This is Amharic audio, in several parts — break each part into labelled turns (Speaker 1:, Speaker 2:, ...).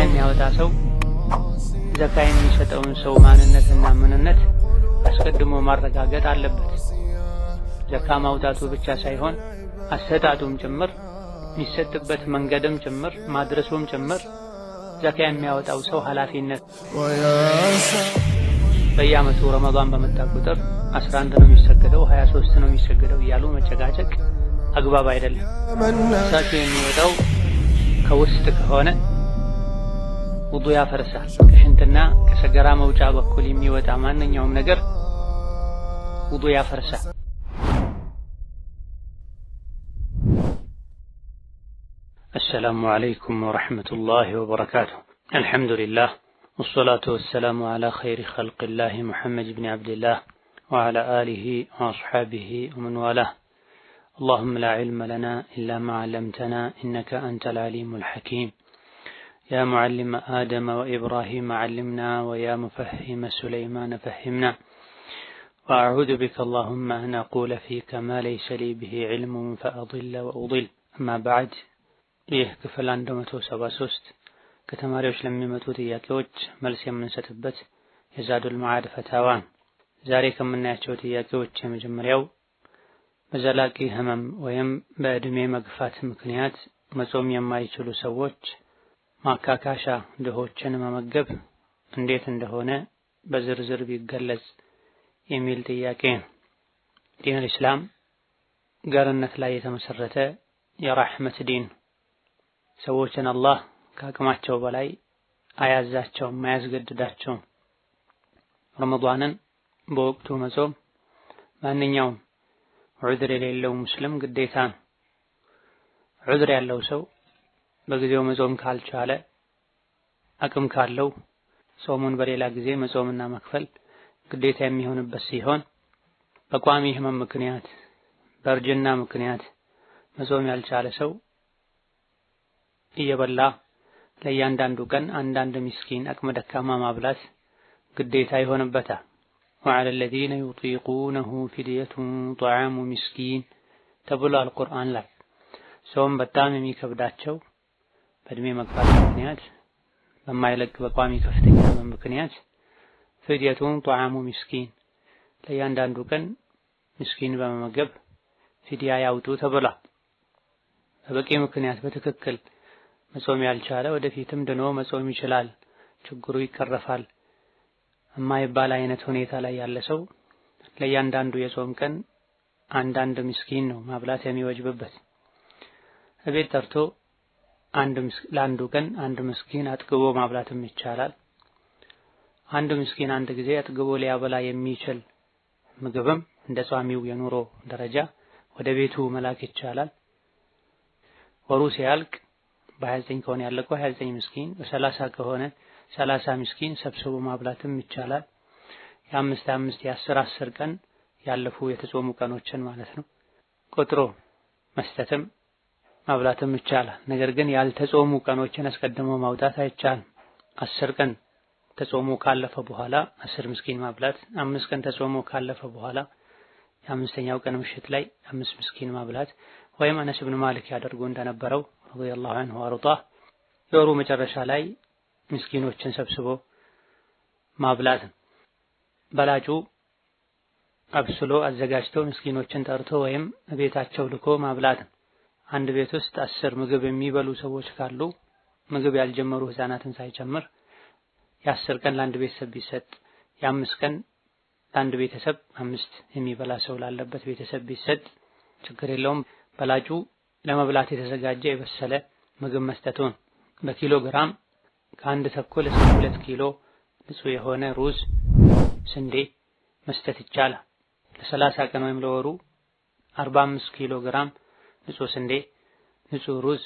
Speaker 1: የሚያወጣ ሰው ዘካ የሚሰጠውን ሰው ማንነትና ምንነት አስቀድሞ ማረጋገጥ አለበት። ዘካ ማውጣቱ ብቻ ሳይሆን አሰጣጡም ጭምር የሚሰጥበት መንገድም ጭምር ማድረሱም ጭምር ዘካ የሚያወጣው ሰው ኃላፊነት። በየዓመቱ ረመዷን በመጣ ቁጥር 11 ነው የሚሰገደው፣ 23 ነው የሚሰገደው እያሉ መጨቃጨቅ አግባብ አይደለም። እሳቸው የሚወጣው ከውስጥ ከሆነ ውዱ ያፈርሳል። ከሽንትና ከሰገራ መውጫ በኩል የሚወጣ ማንኛውም ነገር ውዱ ያፈርሳል።
Speaker 2: السلام عليكم ورحمة الله وبركاته الحمد لله والصلاة والسلام على خير خلق الله محمد بن عبد الله وعلى آله وأصحابه ومن والاه اللهم لا علم لنا إلا ما علمتنا إنك أنت العليم الحكيم يا معلم آدم وإبراهيم علمنا ويا مفهم سليمان فهمنا وأعوذ بك اللهم أن أقول فيك ما ليس لي به علم فأضل وأضل أما بعد ይህ ክፍል 173 ከተማሪዎች ለሚመጡ ጥያቄዎች መልስ የምንሰጥበት የዛዱል መዓድ ፈታዋ ዛሬ ከምናያቸው ጥያቄዎች የመጀመሪያው በዘላቂ ህመም ወይም በእድሜ መግፋት ምክንያት መጾም የማይችሉ ሰዎች ማካካሻ ድሆችን መመገብ እንዴት እንደሆነ በዝርዝር ቢገለጽ የሚል ጥያቄ ነው። ዲን አልኢስላም ገርነት ላይ የተመሰረተ የራህመት ዲን ሰዎችን አላህ ከአቅማቸው በላይ አያዛቸውም፣ አያስገድዳቸውም። ረመዷንን በወቅቱ መጾም ማንኛውም ዑድር የሌለው ሙስልም ግዴታ ነው። ዑድር ያለው ሰው በጊዜው መጾም ካልቻለ አቅም ካለው ጾሙን በሌላ ጊዜ መጾምና መክፈል ግዴታ የሚሆንበት ሲሆን በቋሚ ሕመም ምክንያት በእርጅና ምክንያት መጾም ያልቻለ ሰው እየበላ ለእያንዳንዱ ቀን አንዳንድ ምስኪን አቅመ ደካማ ማብላት ግዴታ ይሆንበታል። ወዓለ ለዚነ ዩጢቁነሁ ፊድየቱን ጧዓሙ ምስኪን ተብሏል ቁርአን ላይ። ሰውም በጣም የሚከብዳቸው በእድሜ መግፋት ምክንያት በማይለቅ በቋሚ ከፍተኛ ምክንያት ፊድየቱን ጧዓሙ ምስኪን ለእያንዳንዱ ቀን ምስኪን በመመገብ ፊድያ ያውጡ ተብሏል። በበቂ ምክንያት በትክክል መጾም ያልቻለ ወደፊትም ድኖ መጾም ይችላል፣ ችግሩ ይቀረፋል የማይባል አይነት ሁኔታ ላይ ያለ ሰው ለእያንዳንዱ የጾም ቀን አንዳንድ ምስኪን ነው ማብላት የሚወጅብበት። እቤት ጠርቶ አንድ ለአንዱ ቀን አንድ ምስኪን አጥግቦ ማብላትም ይቻላል። አንድ ምስኪን አንድ ጊዜ አጥግቦ ሊያበላ የሚችል ምግብም እንደ ጿሚው የኑሮ ደረጃ ወደ ቤቱ መላክ ይቻላል። ወሩ ሲያልቅ በ29 ከሆነ ያለቀው 29 ምስኪን፣ በ30 ከሆነ ሰላሳ ምስኪን ሰብስቦ ማብላትም ይቻላል። የአምስት አምስት የአስር አስር ቀን ያለፉ የተጾሙ ቀኖችን ማለት ነው ቁጥሮ መስጠትም ማብላትም ይቻላል። ነገር ግን ያልተጾሙ ቀኖችን አስቀድሞ ማውጣት አይቻልም። አስር ቀን ተጾሞ ካለፈ በኋላ አስር ምስኪን ማብላት፣ አምስት ቀን ተጾሞ ካለፈ በኋላ የአምስተኛው ቀን ምሽት ላይ አምስት ምስኪን ማብላት ወይም አነስ ብን ማልክ ያደርጉ እንደነበረው ረዲየላሁ ዐንሁ አርዳ የወሩ መጨረሻ ላይ ምስኪኖችን ሰብስቦ ማብላት ነው። በላጩ አብስሎ አዘጋጅቶ ምስኪኖችን ጠርቶ ወይም ቤታቸው ልኮ ማብላት ነው። አንድ ቤት ውስጥ አስር ምግብ የሚበሉ ሰዎች ካሉ ምግብ ያልጀመሩ ህፃናትን ሳይጨምር የአስር ቀን ለአንድ ቤተሰብ ቢሰጥ የአምስት ቀን ለአንድ ቤተሰብ አምስት የሚበላ ሰው ላለበት ቤተሰብ ቢሰጥ ችግር የለውም። በላጩ ለመብላት የተዘጋጀ የበሰለ ምግብ መስጠቱን በኪሎ ግራም ከአንድ ተኩል እስከ ሁለት ኪሎ ንጹህ የሆነ ሩዝ፣ ስንዴ መስጠት ይቻላል። ለሰላሳ ቀን ወይም ለወሩ 45 ኪሎ ግራም ንጹህ ስንዴ፣ ንጹህ ሩዝ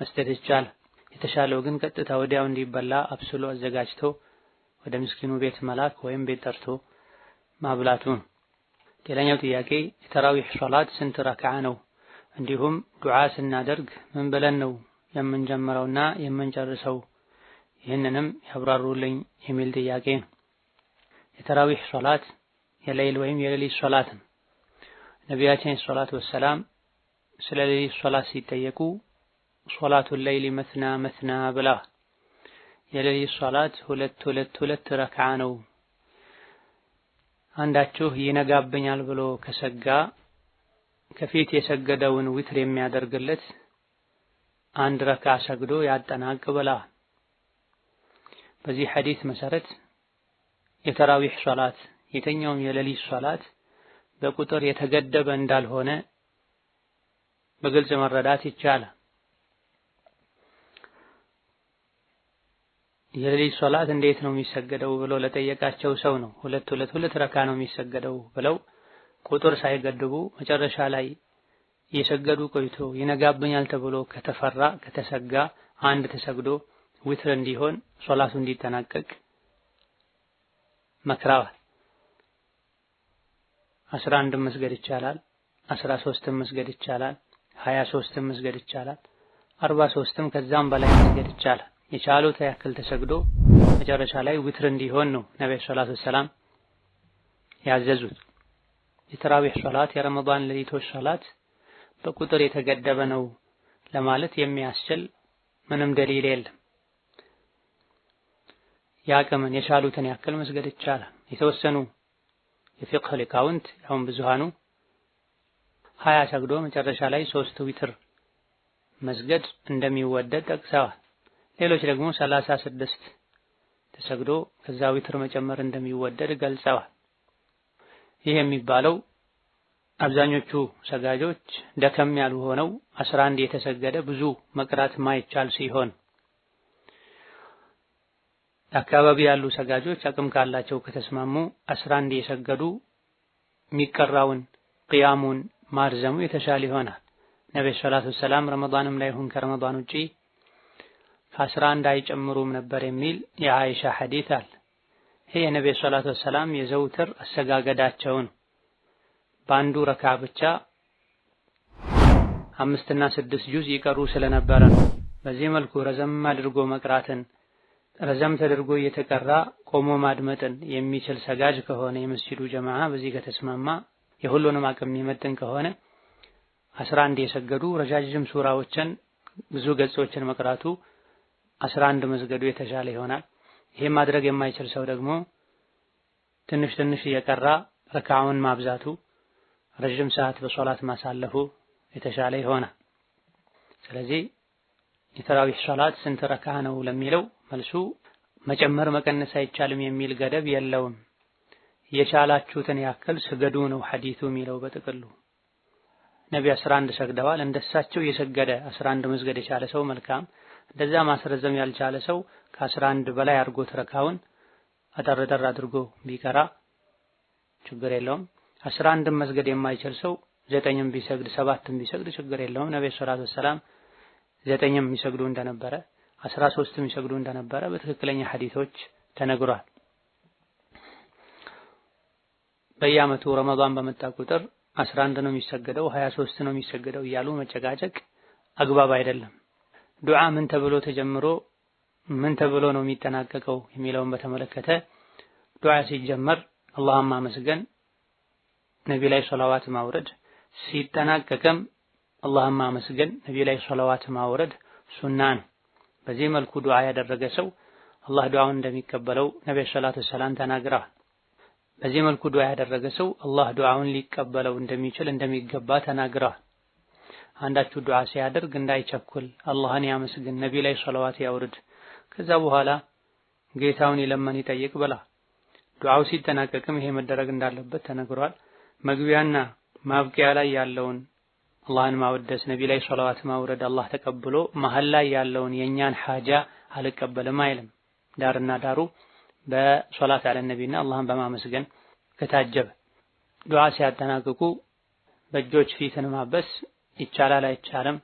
Speaker 2: መስጠት ይቻላል። የተሻለው ግን ቀጥታ ወዲያው እንዲበላ አብስሎ አዘጋጅቶ ወደ ምስኪኑ ቤት መላክ ወይም ቤት ጠርቶ ማብላቱ ነው። ሌላኛው ጥያቄ የተራዊህ ሶላት ስንት ረክዓ ነው? እንዲሁም ዱዓ ስናደርግ ምን ብለን ነው የምንጀምረውና የምንጨርሰው? ይህንንም ያብራሩልኝ የሚል ጥያቄ ነው። የተራዊህ ሶላት የሌይል ወይም የሌሊት ሶላት ነው። ነቢያችን ሶላት ወሰላም ስለ ሌሊት ሶላት ሲጠየቁ ሶላቱን ሌይሊ መስና መስና ብላ የሌሊት ሶላት ሁለት ሁለት ሁለት ረክዓ ነው። አንዳችሁ ይነጋብኛል ብሎ ከሰጋ ከፊት የሰገደውን ዊትር የሚያደርግለት አንድ ረክዓ ሰግዶ ያጠናቅ ብላ በዚህ ሐዲስ መሰረት የተራዊህ ሶላት የተኛውም የሌሊት ሶላት በቁጥር የተገደበ እንዳልሆነ በግልጽ መረዳት ይቻላል። የሌሊት ሶላት እንዴት ነው የሚሰገደው ብሎ ለጠየቃቸው ሰው ነው ሁለት ሁለት ሁለት ረካ ነው የሚሰገደው ብለው ቁጥር ሳይገድቡ መጨረሻ ላይ እየሰገዱ ቆይቶ ይነጋብኛል ተብሎ ከተፈራ ከተሰጋ አንድ ተሰግዶ ዊትር እንዲሆን ሶላቱ እንዲጠናቀቅ መክረዋል። አስራ አንድም መስገድ ይቻላል። አስራ ሶስትም መስገድ ይቻላል። ሀያ ሶስትም መስገድ ይቻላል። አርባ ሶስትም ከዛም በላይ መስገድ ይቻላል። የቻሉት ያክል ተሰግዶ መጨረሻ ላይ ዊትር እንዲሆን ነው ነብዩ ሰለላሁ ዐለይሂ ያዘዙት። የተራዊህ ሶላት የረመዳን ሌሊቶች ሶላት በቁጥር የተገደበ ነው ለማለት የሚያስችል ምንም ደሊል የለም። የአቅምን የቻሉትን ያክል መስገድ ይቻላል። የተወሰኑ የፊቅህ ሊቃውንት አሁን ብዙሃኑ ሀያ ሰግዶ መጨረሻ ላይ ሶስት ዊትር መስገድ እንደሚወደድ ጠቅሰዋል። ሌሎች ደግሞ ሰላሳ ስድስት ተሰግዶ ከዛ ዊትር መጨመር እንደሚወደድ ገልጸዋል። ይህ የሚባለው አብዛኞቹ ሰጋጆች ደከም ያሉ ሆነው አስራ አንድ የተሰገደ ብዙ መቅራት ማይቻል ሲሆን አካባቢ ያሉ ሰጋጆች አቅም ካላቸው ከተስማሙ አስራ አንድ የሰገዱ የሚቀራውን ቅያሙን ማርዘሙ የተሻለ ይሆናል። ነብይ ሰላቱ ሰላም ረመዳንም ላይ ሁን ከረመዳን ውጪ ከአስራ አንድ አይጨምሩም ነበር የሚል የአይሻ ሐዲት አለ። ይሄ የነብይ ሰላቱ ሰላም የዘውትር አሰጋገዳቸውን በአንዱ ረካ ብቻ አምስትና ስድስት ጁዝ ይቀሩ ስለነበረ ነው። በዚህ መልኩ ረዘም አድርጎ መቅራትን ረዘም ተደርጎ እየተቀራ ቆሞ ማድመጥን የሚችል ሰጋጅ ከሆነ የመስጂዱ ጀማዓ በዚህ ከተስማማ የሁሉንም አቅም የሚመጥን ከሆነ አስራ አንድ የሰገዱ ረጃጅም ሱራዎችን ብዙ ገጾችን መቅራቱ አስራ አንድ መስገዱ የተሻለ ይሆናል። ይህም ማድረግ የማይችል ሰው ደግሞ ትንሽ ትንሽ እየቀራ ረካውን ማብዛቱ ረዥም ሰዓት በሶላት ማሳለፉ የተሻለ ይሆናል። ስለዚህ የተራዊህ ሶላት ስንት ረካ ነው ለሚለው መልሱ መጨመር መቀነስ አይቻልም የሚል ገደብ የለውም። የቻላችሁትን ያክል ስገዱ ነው ሐዲቱ የሚለው በጥቅሉ። ነቢ አስራ አንድ ሰግደዋል። እንደሳቸው የሰገደ አስራ አንድ መስገድ የቻለ ሰው መልካም፣ እንደዛ ማስረዘም ያልቻለ ሰው ከአስራ አንድ በላይ አድርጎ ትረካውን አጠረጠር አድርጎ ቢቀራ ችግር የለውም። አስራ አንድም መስገድ የማይችል ሰው ዘጠኝም ቢሰግድ ሰባትም ቢሰግድ ችግር የለውም። ነቢ ሰላቱ ወሰላም ዘጠኝም የሚሰግዱ እንደነበረ አስራ ሶስትም ይሰግዱ እንደነበረ በትክክለኛ ሐዲሶች ተነግሯል። በየዓመቱ ረመዳን በመጣ ቁጥር 11 ነው የሚሰገደው፣ 23 ነው የሚሰገደው እያሉ መጨቃጨቅ አግባብ አይደለም። ዱዓ ምን ተብሎ ተጀምሮ ምን ተብሎ ነው የሚጠናቀቀው የሚለውን በተመለከተ ዱዓ ሲጀመር አላህን ማመስገን፣ ነቢ ላይ ሶላዋት ማውረድ፣ ሲጠናቀቅም አላህን ማመስገን፣ ነቢ ላይ ሶላዋት ማውረድ ሱና ነው። በዚህ መልኩ ዱዓ ያደረገ ሰው አላህ ዱዓውን እንደሚቀበለው ነብዩ ሰላቱ ሰላም ተናግረዋል። በዚህ መልኩ ዱዓ ያደረገ ሰው አላህ ዱዓውን ሊቀበለው እንደሚችል እንደሚገባ ተናግረዋል። አንዳችሁ ዱዓ ሲያደርግ እንዳይቸኩል አላህን ያመስግን፣ ነቢ ላይ ሰለዋት ያውርድ፣ ከዛ በኋላ ጌታውን ይለመን ይጠይቅ ብላ ዱዓው ሲጠናቀቅም ይሄ መደረግ እንዳለበት ተነግሯል። መግቢያና ማብቂያ ላይ ያለውን አላህን ማወደስ ነቢ ላይ ሰላዋት ማውረድ አላህ ተቀብሎ መሀል ላይ ያለውን የእኛን ሐጃ አልቀበልም አይልም። ዳርና ዳሩ በሶላት አለ ነቢና አላህን በማመስገን ከታጀበ ዱዓ ሲያጠናቅቁ በእጆች ፊትን ማበስ ይቻላል አይቻልም፣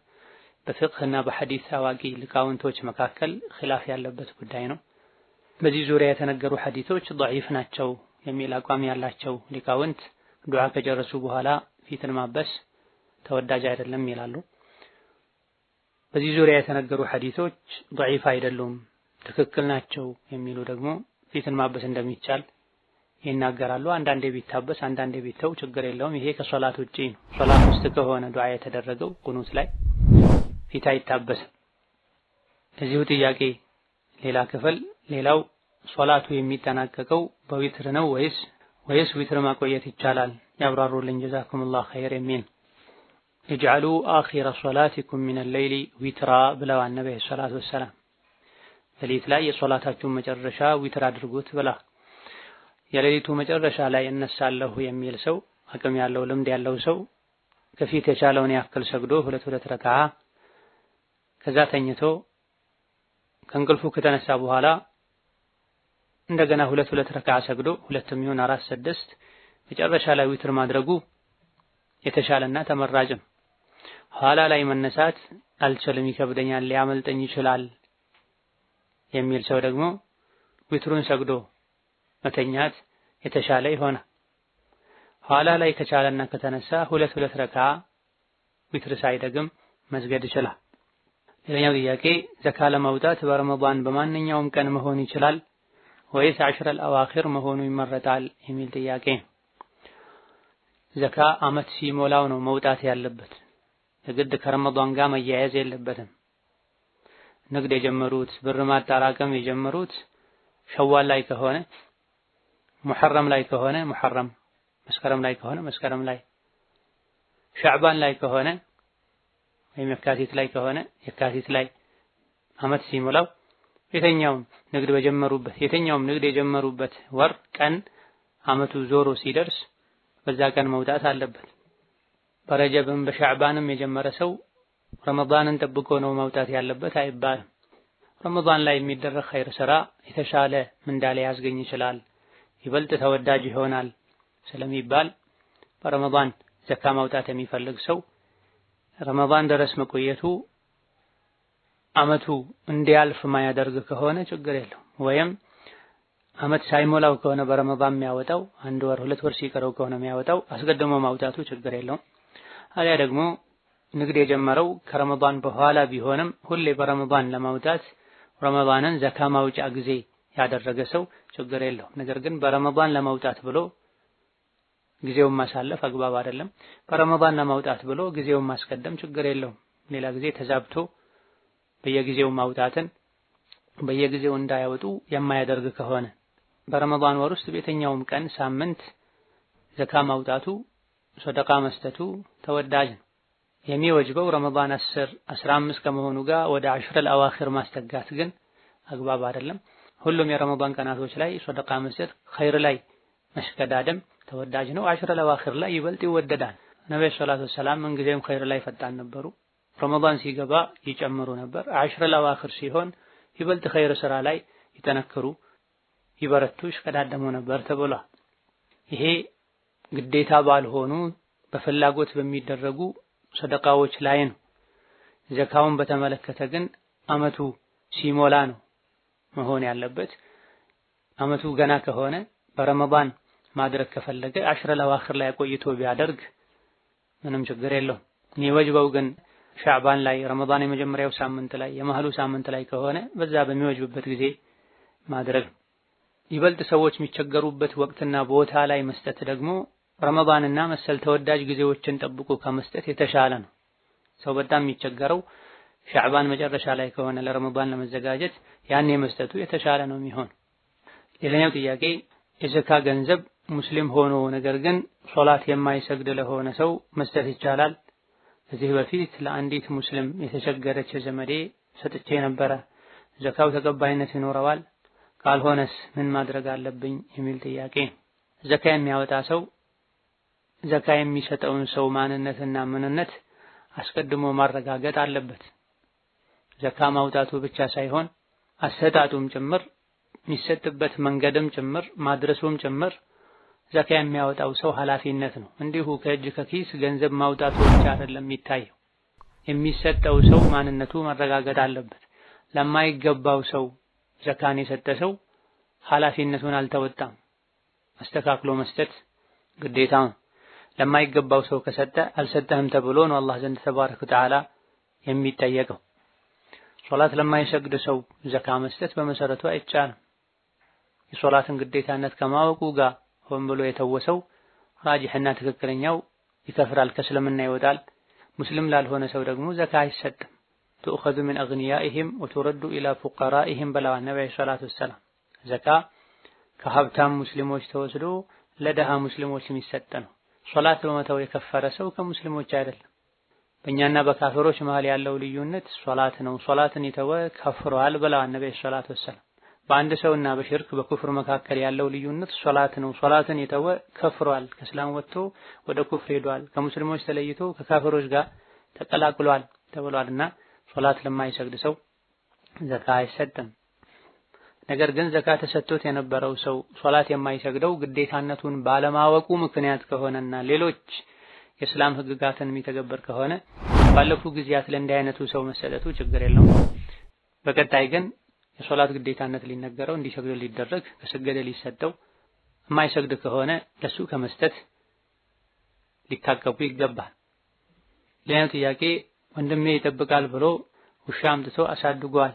Speaker 2: በፍቅህና በሐዲስ አዋቂ ሊቃውንቶች መካከል ኺላፍ ያለበት ጉዳይ ነው። በዚህ ዙሪያ የተነገሩ ሐዲሶች ደዒፍ ናቸው የሚል አቋም ያላቸው ሊቃውንት ዱዓ ከጨረሱ በኋላ ፊትን ማበስ ተወዳጅ አይደለም ይላሉ። በዚህ ዙሪያ የተነገሩ ሐዲሶች ضعيف አይደሉም፣ ትክክል ናቸው የሚሉ ደግሞ ፊትን ማበስ እንደሚቻል ይናገራሉ። አንዳንዴ ቢታበስ፣ አንዳንዴ ቢተው ችግር የለውም። ይሄ ከሶላት ውጪ ነው። ሶላት ውስጥ ከሆነ ዱዓ የተደረገው ቁኑት ላይ ፊት አይታበስም። እዚሁ ጥያቄ ሌላ ክፍል ሌላው ሶላቱ የሚጠናቀቀው በዊትር ነው ወይስ ወይስ ዊትር ማቆየት ይቻላል? ያብራሩልኝ። ጀዛኩሙላህ ኸይር የሚል እጅዐሉ አኺረ ሶላቲኩም ሚነል ለይሊ ዊትራ ብለዋል ነቢ ሰላቱ ወሰላም። ሌሊት ላይ የሶላታችሁን መጨረሻ ዊትር አድርጉት ብላ። የሌሊቱ መጨረሻ ላይ እነሳለሁ የሚል ሰው አቅም ያለው ልምድ ያለው ሰው ከፊት የቻለውን ያክል ሰግዶ ሁለት ሁለት ረክዓ ከዛ ተኝቶ ከእንቅልፉ ከተነሳ በኋላ እንደገና ሁለት ሁለት ረክዓ ሰግዶ ሁለትም ይሁን አራት ስድስት መጨረሻ ላይ ዊትር ማድረጉ የተሻለና ተመራጭም ኋላ ላይ መነሳት አልችልም፣ ይከብደኛል፣ ሊያመልጠኝ ይችላል የሚል ሰው ደግሞ ዊትሩን ሰግዶ መተኛት የተሻለ ይሆናል። ኋላ ላይ ከቻለና ከተነሳ ሁለት ሁለት ረካ ዊትር ሳይደግም መስገድ ይችላል። ሌላኛው ጥያቄ ዘካ ለማውጣት በረመዳን በማንኛውም ቀን መሆን ይችላል ወይስ አሽረል አዋኺር መሆኑ ይመረጣል የሚል ጥያቄ። ዘካ አመት ሲሞላው ነው መውጣት ያለበት። የግድ ከረመዷን ጋር መያያዝ የለበትም። ንግድ የጀመሩት ብር ማጠራቀም የጀመሩት ሸዋል ላይ ከሆነ ሙሐረም ላይ ከሆነ ሙሐረም፣ መስከረም ላይ ከሆነ መስከረም ላይ፣ ሻዕባን ላይ ከሆነ ወይም የካቲት ላይ ከሆነ የካቲት ላይ አመት ሲሞላው የተኛውም ንግድ በጀመሩበት የተኛውም ንግድ የጀመሩበት ወር ቀን አመቱ ዞሮ ሲደርስ በዛ ቀን መውጣት አለበት። በረጀብም በሻዕባንም የጀመረ ሰው ረመዳንን ጠብቆ ነው መውጣት ያለበት አይባልም። ረመዳን ላይ የሚደረግ ኸይር ስራ የተሻለ ምንዳ ላይ ያስገኝ ይችላል፣ ይበልጥ ተወዳጅ ይሆናል ስለሚባል በረመዳን ዘካ ማውጣት የሚፈልግ ሰው ረመዳን ድረስ መቆየቱ አመቱ እንዲያልፍ ማያደርግ ከሆነ ችግር የለው ወይም አመት ሳይሞላው ከሆነ በረመዳን የሚያወጣው አንድ ወር ሁለት ወር ሲቀረው ከሆነ የሚያወጣው አስቀድሞ ማውጣቱ ችግር የለውም። አሊያ ደግሞ ንግድ የጀመረው ከረመዳን በኋላ ቢሆንም ሁሌ በረመዳን ለማውጣት ረመዳንን ዘካ ማውጫ ጊዜ ያደረገ ሰው ችግር የለውም። ነገር ግን በረመዳን ለማውጣት ብሎ ጊዜውን ማሳለፍ አግባብ አይደለም። በረመዳን ለማውጣት ብሎ ጊዜውን ማስቀደም ችግር የለውም። ሌላ ጊዜ ተዛብቶ በየጊዜው ማውጣትን በየጊዜው እንዳያወጡ የማያደርግ ከሆነ በረመዳን ወር ውስጥ በየትኛውም ቀን ሳምንት ዘካ ማውጣቱ ሰደቃ መስጠቱ ተወዳጅ ነው። የሚወጅበው ረመዳን 10 15 ከመሆኑ ጋር ወደ አሽረል አዋኺር ማስጠጋት ግን አግባብ አይደለም። ሁሉም የረመዳን ቀናቶች ላይ ሰደቃ መስጠት ኸይር ላይ መሽቀዳደም ተወዳጅ ነው። አሽረል አዋኺር ላይ ይበልጥ ይወደዳል። ነብዩ ሰለላሁ ዐለይሂ ወሰለም ምንጊዜም ኸይር ላይ ፈጣን ነበሩ። ረመዳን ሲገባ ይጨምሩ ነበር። አሽረል አዋኺር ሲሆን ይበልጥ ኸይር ስራ ላይ ይጠነክሩ፣ ይበረቱ፣ ይሽቀዳደሙ ነበር ተብሏል። ይሄ ግዴታ ባልሆኑ በፍላጎት በሚደረጉ ሰደቃዎች ላይ ነው። ዘካውን በተመለከተ ግን አመቱ ሲሞላ ነው መሆን ያለበት። አመቱ ገና ከሆነ በረመዳን ማድረግ ከፈለገ አሽረ ለዋክር ላይ ቆይቶ ቢያደርግ ምንም ችግር የለውም። የሚወጅበው ግን ሻዕባን ላይ ረመዳን የመጀመሪያው ሳምንት ላይ የመሃሉ ሳምንት ላይ ከሆነ በዛ በሚወጅብበት ጊዜ ማድረግ ይበልጥ ሰዎች የሚቸገሩበት ወቅትና ቦታ ላይ መስጠት ደግሞ ረመዳንና መሰል ተወዳጅ ጊዜዎችን ጠብቆ ከመስጠት የተሻለ ነው። ሰው በጣም የሚቸገረው ሻዕባን መጨረሻ ላይ ከሆነ ለረመዳን ለመዘጋጀት ያኔ መስጠቱ የተሻለ ነው የሚሆን። ሌላኛው ጥያቄ የዘካ ገንዘብ ሙስሊም ሆኖ ነገር ግን ሶላት የማይሰግድ ለሆነ ሰው መስጠት ይቻላል? ከዚህ በፊት ለአንዲት ሙስሊም የተቸገረች ዘመዴ ሰጥቼ ነበረ። ዘካው ተቀባይነት ይኖረዋል? ካልሆነስ ምን ማድረግ አለብኝ? የሚል ጥያቄ ዘካ የሚያወጣ ሰው ዘካ የሚሰጠውን ሰው ማንነትና ምንነት አስቀድሞ ማረጋገጥ አለበት። ዘካ ማውጣቱ ብቻ ሳይሆን አሰጣጡም ጭምር የሚሰጥበት መንገድም ጭምር ማድረሱም ጭምር ዘካ የሚያወጣው ሰው ኃላፊነት ነው። እንዲሁ ከእጅ ከኪስ ገንዘብ ማውጣቱ ብቻ አይደለም የሚታየው። የሚሰጠው ሰው ማንነቱ መረጋገጥ አለበት። ለማይገባው ሰው ዘካን የሰጠ ሰው ኃላፊነቱን አልተወጣም። አስተካክሎ መስጠት ግዴታ ነው። ለማይገባው ሰው ከሰጠ አልሰጠህም ተብሎ ነው አላህ ዘንድ ተባረከ ወተዓላ የሚጠየቀው። ሶላት ለማይሰግድ ሰው ዘካ መስጠት በመሰረቱ አይቻልም። የሶላትን ግዴታነት ከማወቁ ጋር ሆን ብሎ የተወሰው ራጅሕና ትክክለኛው ይከፍራል፣ ከእስልምና ይወጣል። ሙስሊም ላልሆነ ሰው ደግሞ ዘካ አይሰጥም። ትኡኸዙ ሚን አግንያኢሂም ወቱረዱ ኢላ ፉቀራኢሂም ብለዋል ነቢ ዓለይሂ ሰላቱ ወሰላም። ዘካ ከሀብታም ሙስሊሞች ተወስዶ ለደሃ ሙስሊሞች የሚሰጥ ነው። ሶላት በመተው የከፈረ ሰው ከሙስሊሞች አይደለም። በእኛና በካፍሮች መሃል ያለው ልዩነት ሶላት ነው። ሶላትን የተወ ከፍሯል ብለዋል ነብዩ ሶላት ዐለይሂ በአንድ ሰውና በሽርክ በኩፍር መካከል ያለው ልዩነት ሶላት ነው። ሶላትን የተወ ከፍሯል፣ ከእስላም ወጥቶ ወደ ኩፍር ሄዷል፣ ከሙስሊሞች ተለይቶ ከካፍሮች ጋር ተቀላቅሏል ተብሏልና ሶላት ለማይሰግድ ሰው ዘካ አይሰጥም። ነገር ግን ዘካ ተሰጥቶት የነበረው ሰው ሶላት የማይሰግደው ግዴታነቱን ባለማወቁ ምክንያት ከሆነና ሌሎች የእስላም ህግጋትን የሚተገበር ከሆነ ባለፉ ጊዜያት ለእንዲህ አይነቱ ሰው መሰጠቱ ችግር የለውም። በቀጣይ ግን የሶላት ግዴታነት ሊነገረው እንዲሰግድ ሊደረግ ከሰገደ ሊሰጠው የማይሰግድ ከሆነ ለሱ ከመስጠት ሊታቀቡ ይገባል። ሌላኛው ጥያቄ ወንድሜ ይጠብቃል ብሎ ውሻ አምጥቶ አሳድጓል።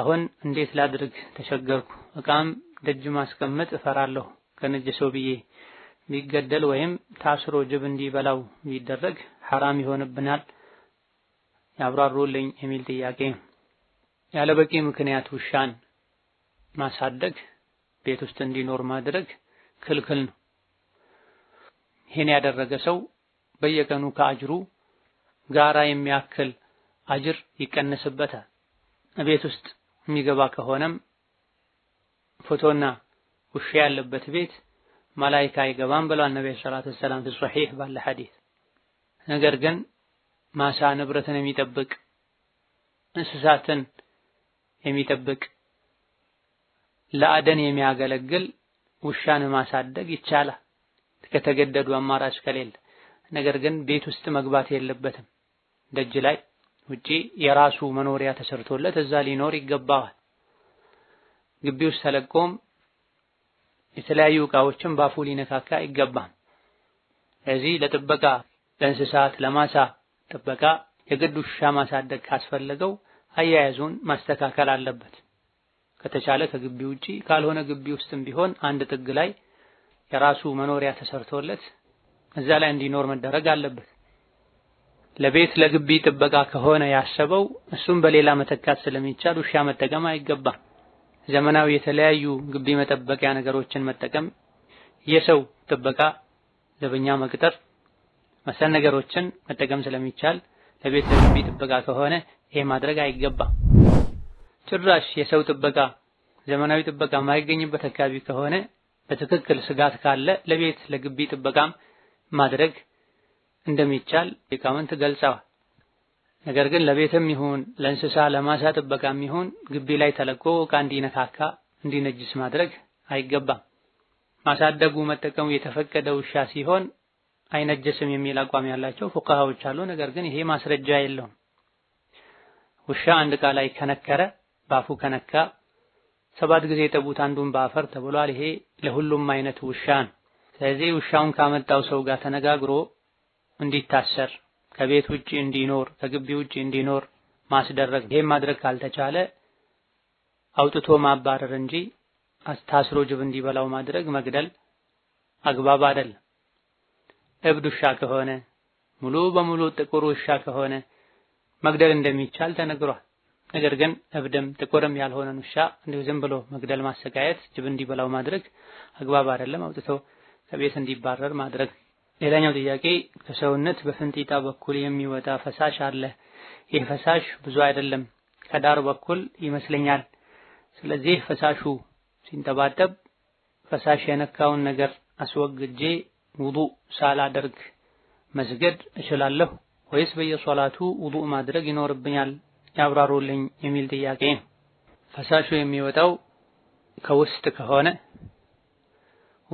Speaker 2: አሁን እንዴት ላድርግ ተቸገርኩ፣ እቃም ደጅ ማስቀመጥ እፈራለሁ ከነጀ ሰው ብዬ ቢገደል ወይም ታስሮ ጅብ እንዲበላው ቢደረግ ሐራም ይሆንብናል ያብራሩልኝ የሚል ጥያቄ። ያለ በቂ ምክንያት ውሻን ማሳደግ ቤት ውስጥ እንዲኖር ማድረግ ክልክል ነው። ይህን ያደረገ ሰው በየቀኑ ከአጅሩ ጋራ የሚያክል አጅር ይቀነስበታል። ቤት ውስጥ የሚገባ ከሆነም ፎቶና ውሻ ያለበት ቤት መላይካ አይገባም ብለዋል ነቢ ሰላቱ ወሰላም ፊ ሶሒህ ባለ ሐዲስ። ነገር ግን ማሳ ንብረትን የሚጠብቅ እንስሳትን የሚጠብቅ ለአደን የሚያገለግል ውሻን ማሳደግ ይቻላል ከተገደዱ አማራጭ ከሌለ። ነገር ግን ቤት ውስጥ መግባት የለበትም። ደጅ ላይ ውጪ የራሱ መኖሪያ ተሰርቶለት እዛ ሊኖር ይገባዋል። ግቢ ውስጥ ተለቆም የተለያዩ እቃዎችን ባፉ ሊነካካ አይገባም። እዚህ ለጥበቃ ለእንስሳት ለማሳ ጥበቃ የግድ ውሻ ማሳደግ ካስፈለገው አያያዙን ማስተካከል አለበት። ከተቻለ ከግቢ ውጪ ካልሆነ ግቢ ውስጥም ቢሆን አንድ ጥግ ላይ የራሱ መኖሪያ ተሰርቶለት እዛ ላይ እንዲኖር መደረግ አለበት። ለቤት ለግቢ ጥበቃ ከሆነ ያሰበው እሱም በሌላ መተካት ስለሚቻል ውሻ መጠቀም አይገባም። ዘመናዊ የተለያዩ ግቢ መጠበቂያ ነገሮችን መጠቀም፣ የሰው ጥበቃ ዘበኛ መቅጠር መሰል ነገሮችን መጠቀም ስለሚቻል ለቤት ለግቢ ጥበቃ ከሆነ ይሄ ማድረግ አይገባም። ጭራሽ የሰው ጥበቃ ዘመናዊ ጥበቃ የማይገኝበት አካባቢ ከሆነ በትክክል ስጋት ካለ ለቤት ለግቢ ጥበቃም ማድረግ እንደሚቻል ሊቃውንት ገልጸዋል። ነገር ግን ለቤትም ይሁን ለእንስሳ ለማሳ ጥበቃም ይሁን ግቢ ላይ ተለቆ ዕቃ እንዲነካካ እንዲነጅስ ማድረግ አይገባም። ማሳደጉ መጠቀሙ የተፈቀደ ውሻ ሲሆን አይነጀስም የሚል አቋም ያላቸው ፉቃሃዎች አሉ። ነገር ግን ይሄ ማስረጃ የለውም። ውሻ አንድ ዕቃ ላይ ከነከረ ባፉ ከነካ ሰባት ጊዜ የጠቡት አንዱን በአፈር ተብሏል። ይሄ ለሁሉም አይነት ውሻ ነው። ስለዚህ ውሻውን ካመጣው ሰው ጋር ተነጋግሮ እንዲታሰር፣ ከቤት ውጭ እንዲኖር፣ ከግቢ ውጭ እንዲኖር ማስደረግ። ይሄን ማድረግ ካልተቻለ አውጥቶ ማባረር እንጂ አስታስሮ ጅብ እንዲበላው ማድረግ መግደል አግባብ አይደለም። እብድ ውሻ ከሆነ ሙሉ በሙሉ ጥቁር ውሻ ከሆነ መግደል እንደሚቻል ተነግሯል። ነገር ግን እብድም ጥቁርም ያልሆነን ውሻ እንዲሁ ዝም ብሎ መግደል ማሰቃየት፣ ጅብ እንዲበላው ማድረግ አግባብ አይደለም። አውጥቶ ከቤት እንዲባረር ማድረግ ሌላኛው ጥያቄ ከሰውነት በፍንጢጣ በኩል የሚወጣ ፈሳሽ አለ። ይህ ፈሳሽ ብዙ አይደለም፣ ከዳር በኩል ይመስለኛል። ስለዚህ ፈሳሹ ሲንጠባጠብ ፈሳሽ የነካውን ነገር አስወግጄ ውዱ ሳላደርግ መስገድ እችላለሁ ወይስ በየሶላቱ ውዱ ማድረግ ይኖርብኛል? ያብራሩልኝ የሚል ጥያቄ ነው። ፈሳሹ የሚወጣው ከውስጥ ከሆነ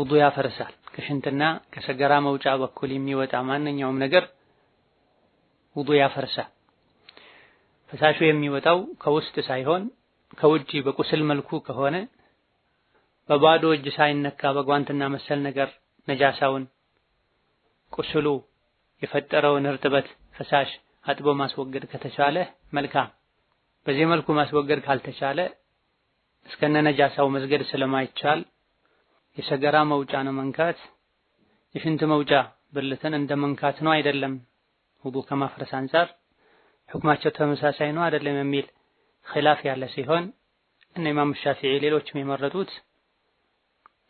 Speaker 2: ውዱ ያፈርሳል። ከሽንትና ከሰገራ መውጫ በኩል የሚወጣ ማንኛውም ነገር ውዱ ያፈርሳ ፈሳሹ የሚወጣው ከውስጥ ሳይሆን ከውጪ በቁስል መልኩ ከሆነ በባዶ እጅ ሳይነካ በጓንትና መሰል ነገር ነጃሳውን ቁስሉ የፈጠረውን እርጥበት ፈሳሽ አጥቦ ማስወገድ ከተቻለ መልካም። በዚህ መልኩ ማስወገድ ካልተቻለ እስከነ ነጃሳው መስገድ ስለማይቻል የሰገራ መውጫ ነው መንካት። የሽንት መውጫ ብልትን እንደ መንካት ነው አይደለም። ውዱእ ከማፍረስ አንጻር ሁክማቸው ተመሳሳይ ነው አይደለም የሚል ኺላፍ ያለ ሲሆን እነ ኢማም ሻፊዒ ሌሎችም የመረጡት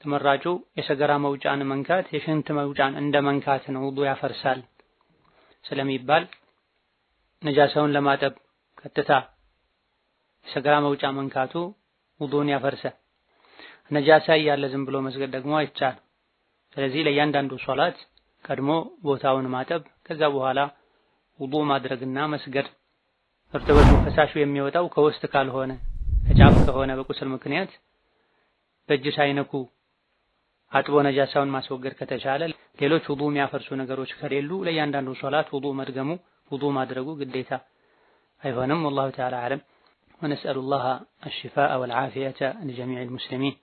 Speaker 2: ተመራጩ የሰገራ መውጫን መንካት የሽንት መውጫን እንደ መንካት ነው፣ ውዱእ ያፈርሳል ስለሚባል ነጃሳውን ለማጠብ ቀጥታ የሰገራ መውጫ መንካቱ ውዱእን ያፈርሳል። ነጃሳ እያለ ዝም ብሎ መስገድ ደግሞ አይቻል። ስለዚህ ለእያንዳንዱ ሶላት ቀድሞ ቦታውን ማጠብ ከዛ በኋላ ውዱ ማድረግና መስገድ። እርጥበቱ ፈሳሹ የሚወጣው ከውስጥ ካልሆነ ከጫፍ ከሆነ በቁስል ምክንያት በእጅ ሳይነኩ አጥቦ ነጃሳውን ማስወገድ ከተቻለ፣ ሌሎች ውዱ የሚያፈርሱ ነገሮች ከሌሉ ለእያንዳንዱ ሶላት ውዱ መድገሙ ውዱ ማድረጉ ግዴታ አይሆንም። ወላሁ ተዓላ አዕለም ወነስአሉላህ አሽፋአ ወልዓፊየተ ሊጀሚዕል ሙስሊሚን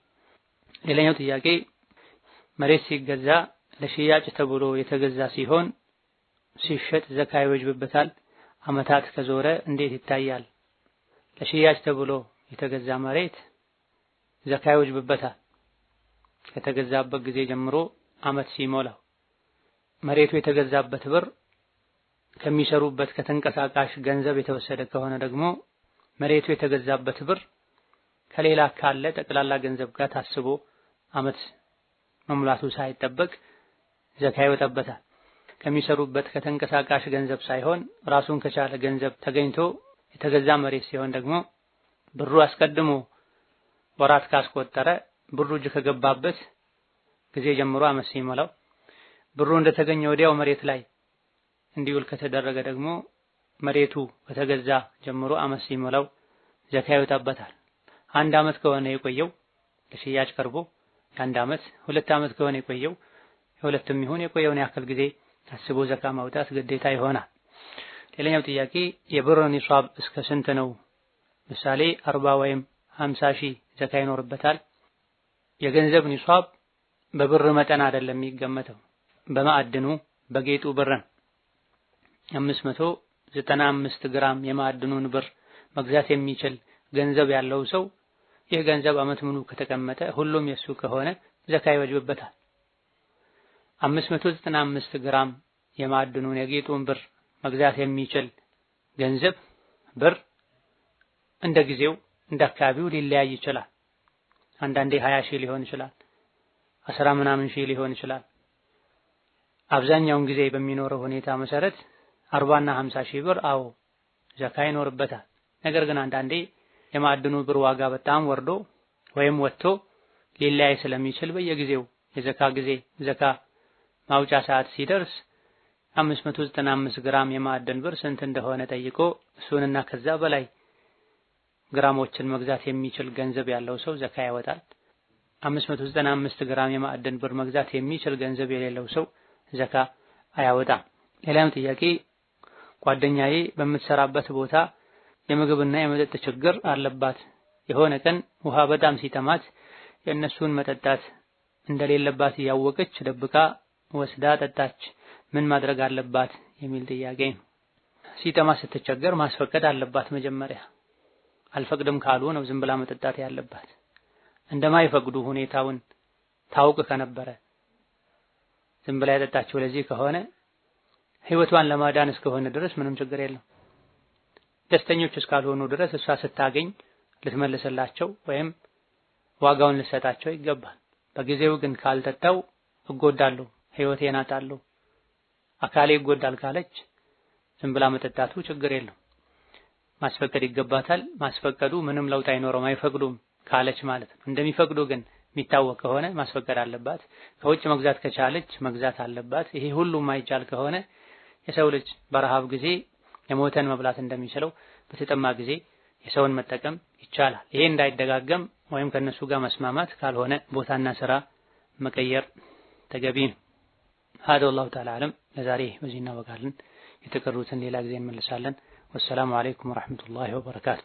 Speaker 2: ሌላኛው ጥያቄ መሬት ሲገዛ ለሽያጭ ተብሎ የተገዛ ሲሆን ሲሸጥ ዘካ ይወጅብበታል። አመታት ከዞረ እንዴት ይታያል? ለሽያጭ ተብሎ የተገዛ መሬት ዘካ ይወጅብበታል። ከተገዛበት ጊዜ ጀምሮ አመት ሲሞላው መሬቱ የተገዛበት ብር ከሚሰሩበት ከተንቀሳቃሽ ገንዘብ የተወሰደ ከሆነ ደግሞ መሬቱ የተገዛበት ብር ከሌላ ካለ ጠቅላላ ገንዘብ ጋር ታስቦ አመት መሙላቱ ሳይጠበቅ ዘካ ይወጣበታል። ከሚሰሩበት ከተንቀሳቃሽ ገንዘብ ሳይሆን ራሱን ከቻለ ገንዘብ ተገኝቶ የተገዛ መሬት ሲሆን ደግሞ ብሩ አስቀድሞ ወራት ካስቆጠረ ብሩ እጅ ከገባበት ጊዜ ጀምሮ አመት ሲሞላው ብሩ እንደተገኘ ወዲያው መሬት ላይ እንዲውል ከተደረገ ደግሞ መሬቱ ከተገዛ ጀምሮ አመት ሲሞላው ዘካ ይወጣበታል። አንድ አመት ከሆነ የቆየው ለሽያጭ ቀርቦ የአንድ ዓመት ሁለት ዓመት ከሆነ የቆየው የሁለትም ይሁን የቆየውን ያክል ጊዜ አስቦ ዘካ ማውጣት ግዴታ ይሆናል። ሌላኛው ጥያቄ የብር ኒሷብ እስከ ስንት ነው? ምሳሌ አርባ ወይም ሀምሳ ሺህ ዘካ ይኖርበታል። የገንዘብ ኒሷብ በብር መጠን አይደለም የሚገመተው በማዕድኑ በጌጡ ብር ነው። አምስት መቶ ዘጠና አምስት ግራም የማዕድኑን ብር መግዛት የሚችል ገንዘብ ያለው ሰው የገንዘብ አመት ምኑ ከተቀመጠ ሁሉም የሱ ከሆነ ዘካ ይወጅብበታል። 595 ግራም የማዕድኑን የጌጡን ብር መግዛት የሚችል ገንዘብ ብር እንደ ጊዜው እንደ አካባቢው ሊለያይ ይችላል። አንዳንዴ 20 ሺህ ሊሆን ይችላል፣ አስራ ምናምን ሺህ ሊሆን ይችላል። አብዛኛውን ጊዜ በሚኖረው ሁኔታ መሰረት እና 50 ሺህ ብር አዎ ዘካ ይኖርበታል። ነገር ግን አንዳንዴ የማዕድኑ ብር ዋጋ በጣም ወርዶ ወይም ወጥቶ ሊለያይ ስለሚችል በየጊዜው የዘካ ጊዜ ዘካ ማውጫ ሰዓት ሲደርስ 595 ግራም የማዕድን ብር ስንት እንደሆነ ጠይቆ እሱንና ከዛ በላይ ግራሞችን መግዛት የሚችል ገንዘብ ያለው ሰው ዘካ ያወጣል። 595 ግራም የማዕድን ብር መግዛት የሚችል ገንዘብ የሌለው ሰው ዘካ አያወጣም። ሌላም ጥያቄ ጓደኛዬ በምትሰራበት ቦታ የምግብና የመጠጥ ችግር አለባት። የሆነ ቀን ውሃ በጣም ሲጠማት የእነሱን መጠጣት እንደሌለባት እያወቀች ደብቃ ወስዳ ጠጣች። ምን ማድረግ አለባት የሚል ጥያቄ ነው። ሲጠማ ስትቸገር ማስፈቀድ አለባት። መጀመሪያ አልፈቅድም ካሉ ነው ዝም ብላ መጠጣት ያለባት። እንደማይፈቅዱ ሁኔታውን ታውቅ ከነበረ ዝም ብላ ያጠጣችው ለዚህ ከሆነ ህይወቷን ለማዳን እስከሆነ ድረስ ምንም ችግር የለም። ደስተኞች እስካልሆኑ ድረስ እሷ ስታገኝ ልትመልስላቸው ወይም ዋጋውን ልሰጣቸው ይገባል። በጊዜው ግን ካልጠጣው እጎዳለሁ፣ ህይወቴን አጣለሁ፣ አካሌ ይጎዳል ካለች ዝም ብላ መጠጣቱ ችግር የለው። ማስፈቀድ ይገባታል። ማስፈቀዱ ምንም ለውጥ አይኖረውም አይፈቅዱም ካለች ማለት ነው። እንደሚፈቅዱ ግን የሚታወቅ ከሆነ ማስፈቀድ አለባት። ከውጭ መግዛት ከቻለች መግዛት አለባት። ይሄ ሁሉ ማይቻል ከሆነ የሰው ልጅ በረሃብ ጊዜ የሞተን መብላት እንደሚችለው በተጠማ ጊዜ የሰውን መጠቀም ይቻላል። ይሄ እንዳይደጋገም ወይም ከነሱ ጋር መስማማት ካልሆነ ቦታና ስራ መቀየር ተገቢ ነው። ሀደ ወላሁ ተዓላ አለም። ለዛሬ በዚህ እናበቃለን። የተቀሩትን ሌላ ጊዜ እንመልሳለን። ወሰላሙ አለይኩም ወረሕመቱላሂ ወበረካቱ።